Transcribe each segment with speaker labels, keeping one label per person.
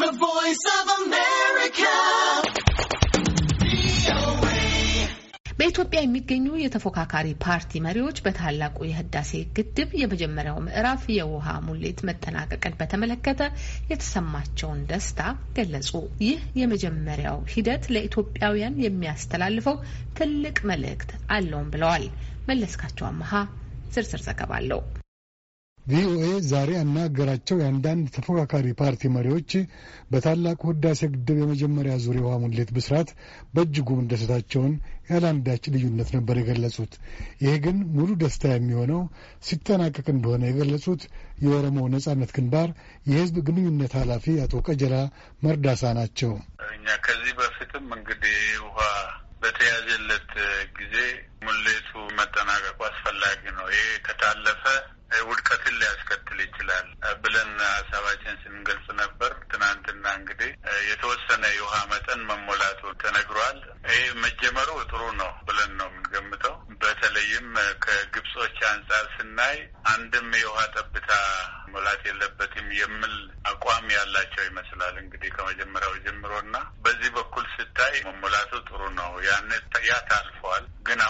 Speaker 1: The Voice of America.
Speaker 2: በኢትዮጵያ የሚገኙ የተፎካካሪ ፓርቲ መሪዎች በታላቁ የህዳሴ ግድብ የመጀመሪያው ምዕራፍ የውሃ ሙሌት መጠናቀቅን በተመለከተ የተሰማቸውን ደስታ ገለጹ። ይህ የመጀመሪያው ሂደት ለኢትዮጵያውያን የሚያስተላልፈው ትልቅ መልእክት አለውም ብለዋል። መለስካቸው አመሃ ዝርዝር ዘገባ አለው።
Speaker 3: ቪኦኤ ዛሬ ያናገራቸው የአንዳንድ ተፎካካሪ ፓርቲ መሪዎች በታላቁ ህዳሴ ግድብ የመጀመሪያ ዙር የውሃ ሙሌት ብስራት በእጅጉ መደሰታቸውን ያለአንዳች ልዩነት ነበር የገለጹት። ይህ ግን ሙሉ ደስታ የሚሆነው ሲጠናቀቅ እንደሆነ የገለጹት የኦሮሞ ነጻነት ግንባር የህዝብ ግንኙነት ኃላፊ አቶ ቀጀላ መርዳሳ ናቸው። እኛ
Speaker 4: ከዚህ በፊትም እንግዲህ ውሃ በተያዘለት ጊዜ ሙሌቱ መጠናቀቁ አስፈላጊ ነው። ይህ ከታለፈ ውድቀትን ሊያስከትል ይችላል ብለን ሀሳባችን ስንገልጽ ነበር። ትናንትና እንግዲህ የተወሰነ የውሃ መጠን መሞላቱ ተነግሯል። ይህ መጀመሩ ጥሩ ነው ብለን ነው የምንገምተው። በተለይም ከግብጾች አንጻር ስናይ አንድም የውሃ ጠብታ መሞላት የለበትም የሚል አቋም ያላቸው ይመስላል። እንግዲህ ከመጀመሪያው ጀምሮና በዚህ በኩል ስታይ መሞላቱ ጥሩ ነው። ያን ያ ታልፏል ግን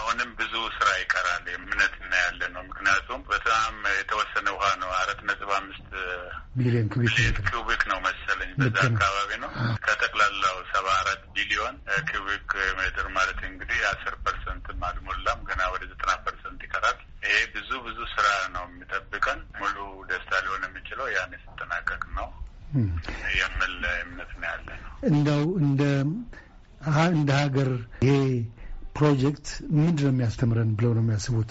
Speaker 4: ቢሊዮን ኪቢክ ኪቢክ ነው መሰለኝ በዛ አካባቢ ነው። ከጠቅላላው ሰባ አራት ቢሊዮን ኪቢክ ሜትር ማለት እንግዲህ አስር ፐርሰንት አልሞላም፣ ገና ወደ ዘጠና ፐርሰንት ይቀራል። ይሄ ብዙ ብዙ ስራ ነው የሚጠብቀን። ሙሉ ደስታ ሊሆን የሚችለው ያን ሲጠናቀቅ ነው የምል እምነት ነው ያለ
Speaker 3: ነው። እንደው እንደ እንደ ሀገር ይሄ ፕሮጀክት ምንድን ነው የሚያስተምረን ብለው ነው የሚያስቡት?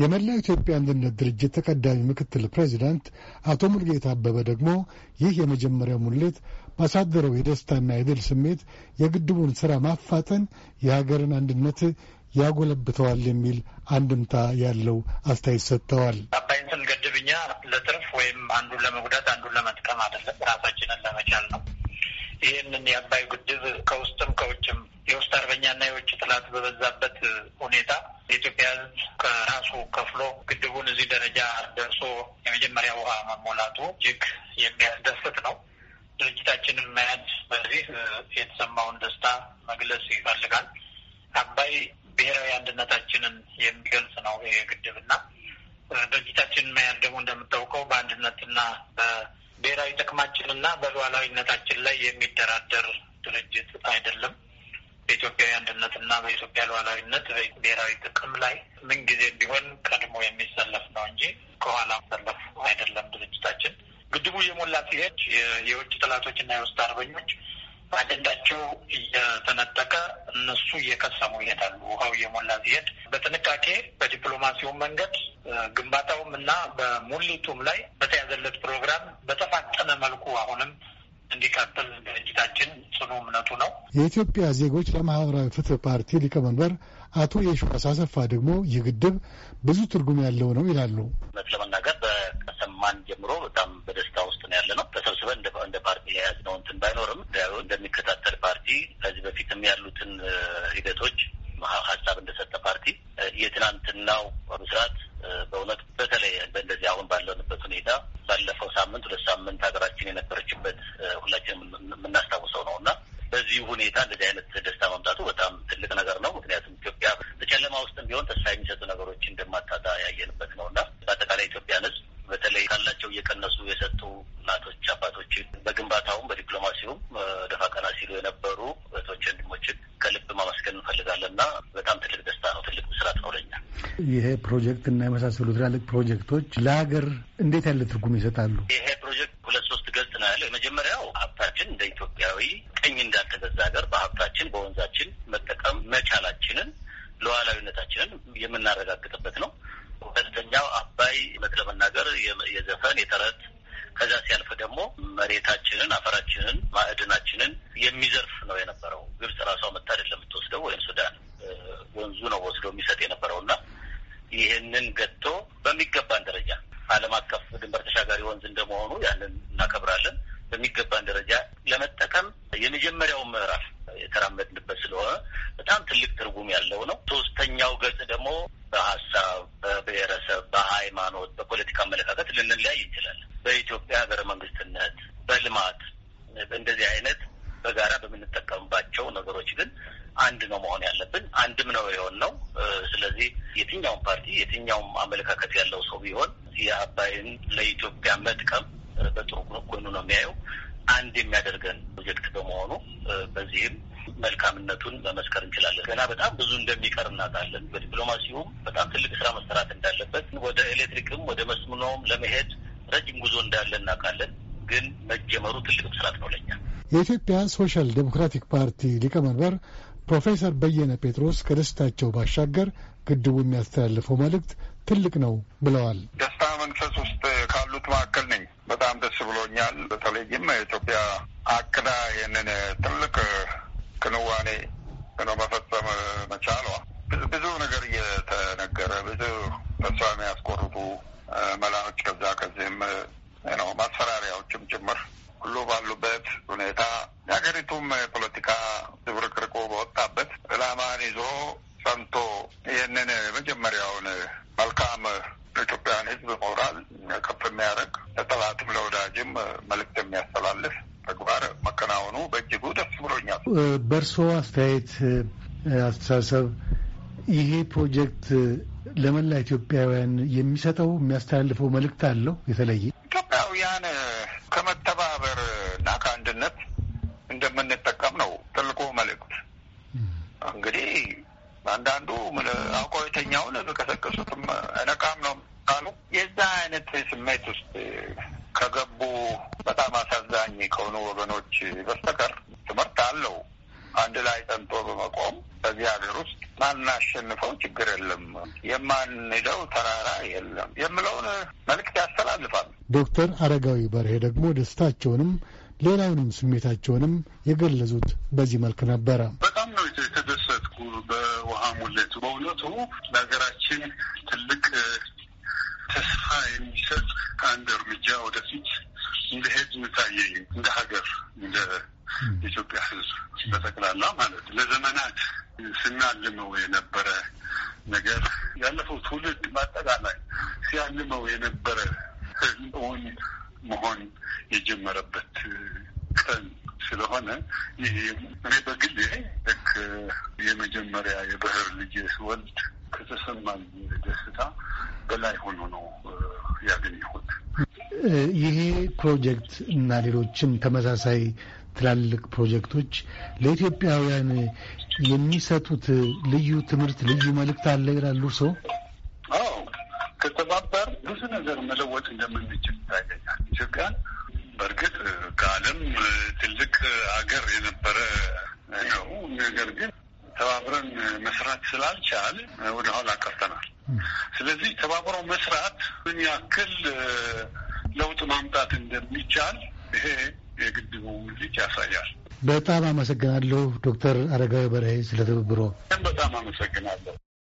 Speaker 3: የመላው ኢትዮጵያ አንድነት ድርጅት ተቀዳሚ ምክትል ፕሬዚዳንት አቶ ሙልጌታ አበበ ደግሞ ይህ የመጀመሪያው ሙሌት ባሳደረው የደስታና የድል ስሜት የግድቡን ሥራ ማፋጠን የሀገርን አንድነት ያጎለብተዋል የሚል አንድምታ ያለው አስተያየት ሰጥተዋል። አባይን ስንገድብ
Speaker 2: እኛ ለትርፍ ወይም አንዱን ለመጉዳት አንዱን ለመጥቀም አይደለም፣ ራሳችንን ለመቻል ነው። ይህንን የአባይ ግድብ ከውስጥም ከውጭም የውስጥ አርበኛና የውጭ ጥላት በበዛበት ሁኔታ የኢትዮጵያ ሕዝብ ከራሱ ከፍሎ ግድቡን እዚህ ደረጃ ደርሶ የመጀመሪያ ውሃ መሞላቱ እጅግ የሚያስደስት ነው። ድርጅታችንም መያድ በዚህ የተሰማውን ደስታ መግለጽ ይፈልጋል። አባይ ብሔራዊ አንድነታችንን የሚገልጽ ነው ይህ ግድብና ድርጅታችን መያድ ደግሞ እንደምታውቀው በአንድነትና ብሔራዊ ጥቅማችንና በሉዓላዊነታችን ላይ የሚደራደር ድርጅት አይደለም። በኢትዮጵያዊ አንድነትና በኢትዮጵያ ሉዓላዊነት ብሔራዊ ጥቅም ላይ ምንጊዜ ቢሆን ቀድሞ የሚሰለፍ ነው እንጂ ከኋላ ሰለፍ አይደለም ድርጅታችን። ግድቡ የሞላ ሲሄድ የውጭ ጠላቶችና የውስጥ አርበኞች አጀንዳቸው እየተነጠቀ እነሱ እየከሰሙ ይሄዳሉ። ውሃው እየሞላ ሲሄድ በጥንቃቄ በዲፕሎማሲው መንገድ ግንባታውም እና በሙሊቱም ላይ በተያዘለት ፕሮግራም በተፋጠነ መልኩ አሁንም እንዲቀጥል ድርጅታችን ጽኑ
Speaker 3: እምነቱ ነው። የኢትዮጵያ ዜጎች ለማህበራዊ ፍትህ ፓርቲ ሊቀመንበር አቶ የሺዋስ አሰፋ ደግሞ ይህ ግድብ ብዙ ትርጉም ያለው ነው ይላሉ። እውነት ለመናገር
Speaker 1: በሰማን ጀምሮ በጣም በደስታ ውስጥ ነው ያለ ነው። ተሰብስበን እንደ ፓርቲ የያዝነው እንትን ባይኖርም እንደሚከታተል ፓርቲ ከዚህ በፊትም ያሉትን ሂደቶች ሀሳብ እንደሰጠ ፓርቲ የትናንትናው ስርዓት ሀገራችን የነበረችበት ሁላችንም የምናስታውሰው ነው እና በዚህ ሁኔታ እንደዚህ አይነት ደስታ መምጣቱ በጣም ትልቅ ነገር ነው። ምክንያቱም ኢትዮጵያ በጨለማ ውስጥም ቢሆን ተስፋ የሚሰጡ ነገሮች እንደማታጣ ያየንበት ነው እና በአጠቃላይ ኢትዮጵያን ሕዝብ በተለይ ካላቸው እየቀነሱ የሰጡ እናቶች፣ አባቶች በግንባታውም በዲፕሎማሲውም ደፋ ቀና ሲሉ የነበሩ እህቶች፣ ወንድሞችን ከልብ ማመስገን እንፈልጋለን እና በጣም ትልቅ ደስታ ነው። ትልቅ ምስራት ነው
Speaker 3: ለኛ። ይሄ ፕሮጀክት እና የመሳሰሉ ትላልቅ ፕሮጀክቶች ለሀገር እንዴት ያለ ትርጉም ይሰጣሉ? ይሄ
Speaker 1: እንዳለን የምናረጋግጥበት ነው። ሁለተኛው አባይ እውነት ለመናገር የዘፈን የተረት ከዛ ሲያልፍ ደግሞ መሬታችንን፣ አፈራችንን፣ ማዕድናችንን የሚዘርፍ ነው የነበረው። ግብጽ ራሷ መታ ለምትወስደው ወይም ሱዳን ወንዙ ነው ወስዶ የሚሰጥ የነበረው እና ይህንን ገጥቶ በሚገባን ደረጃ ዓለም አቀፍ ድንበር ተሻጋሪ ወንዝ እንደመሆኑ የትኛውም ፓርቲ የትኛውም አመለካከት ያለው ሰው ቢሆን የአባይን ለኢትዮጵያ መጥቀም በጥሩ ጎኑ ነው የሚያየው። አንድ የሚያደርገን ፕሮጀክት በመሆኑ በዚህም መልካምነቱን መመስከር እንችላለን። ገና በጣም ብዙ እንደሚቀር እናውቃለን። በዲፕሎማሲውም በጣም ትልቅ ስራ መሰራት እንዳለበት፣ ወደ ኤሌክትሪክም ወደ መስምኖም ለመሄድ ረጅም ጉዞ እንዳለ እናውቃለን። ግን መጀመሩ ትልቅ ምስራት ነው ለኛ።
Speaker 3: የኢትዮጵያ ሶሻል ዴሞክራቲክ ፓርቲ ሊቀመንበር ፕሮፌሰር በየነ ጴጥሮስ ከደስታቸው ባሻገር ግድቡ የሚያስተላልፈው መልእክት ትልቅ ነው ብለዋል። ደስታ መንፈስ ውስጥ
Speaker 5: ካሉት መካከል ነኝ። በጣም ደስ ብሎኛል። በተለይም ኢትዮጵያ አቅዳ ይህንን ትልቅ ክንዋኔ መፈጸም መቻሏ ብዙ ነገር እየተነገረ ብዙ ተስፋ የሚያስቆርጡ መላኖች ከዛ ከዚህም ነው ማስፈራሪያዎችም ጭምር ሁሉ ባሉ ለጠላትም ለወዳጅም መልዕክት የሚያስተላልፍ ተግባር መከናወኑ በእጅጉ ደስ ብሎኛል።
Speaker 3: በእርስዎ አስተያየት፣ አስተሳሰብ ይሄ ፕሮጀክት ለመላ ኢትዮጵያውያን የሚሰጠው የሚያስተላልፈው መልእክት አለው የተለየ
Speaker 5: ካልሆኑ ወገኖች በስተቀር ትምህርት አለው። አንድ ላይ ጠንቶ በመቆም በዚህ ሀገር ውስጥ ማናሸንፈው ችግር የለም፣ የማንሄደው ተራራ የለም የምለውን መልእክት ያስተላልፋል።
Speaker 3: ዶክተር አረጋዊ በርሄ ደግሞ ደስታቸውንም ሌላውንም ስሜታቸውንም የገለጹት በዚህ መልክ ነበረ። በጣም ነው
Speaker 4: የተደሰትኩ በውሃ ሙሌቱ። በእውነቱ ለሀገራችን ትልቅ ተስፋ የሚሰጥ ከአንድ እርምጃ ወደፊት እንደ ህዝብ ታየኝ እንደ ሀገር እንደ ኢትዮጵያ ህዝብ በጠቅላላ ማለት ለዘመናት ስናልመው የነበረ ነገር ያለፈው ትውልድ በአጠቃላይ ሲያልመው የነበረ ህልውን መሆን የጀመረበት ቀን ስለሆነ ይህ እኔ በግሌ ልክ የመጀመሪያ የባህር ልጅ ስወልድ ከተሰማኝ ደስታ በላይ ሆኖ ነው ያገኘሁት።
Speaker 3: ይሄ ፕሮጀክት እና ሌሎችም ተመሳሳይ ትላልቅ ፕሮጀክቶች ለኢትዮጵያውያን የሚሰጡት ልዩ ትምህርት፣ ልዩ መልእክት አለ ይላሉ ሰው
Speaker 4: ከተባበር ብዙ ነገር መለወጥ እንደምንችል ታገኛል። ኢትዮጵያን በእርግጥ ከዓለም ትልቅ ሀገር የነበረ ነው። ነገር ግን ተባብረን መስራት ስላልቻል ወደ ኋላ ቀርተናል። ስለዚህ ተባብረው መስራት ምን ያክል
Speaker 3: ለውጥ ማምጣት እንደሚቻል ይሄ የግድቡ ውይይት ያሳያል። በጣም አመሰግናለሁ ዶክተር አረጋዊ በርሄ ስለ ትብብሮ።
Speaker 4: በጣም አመሰግናለሁ።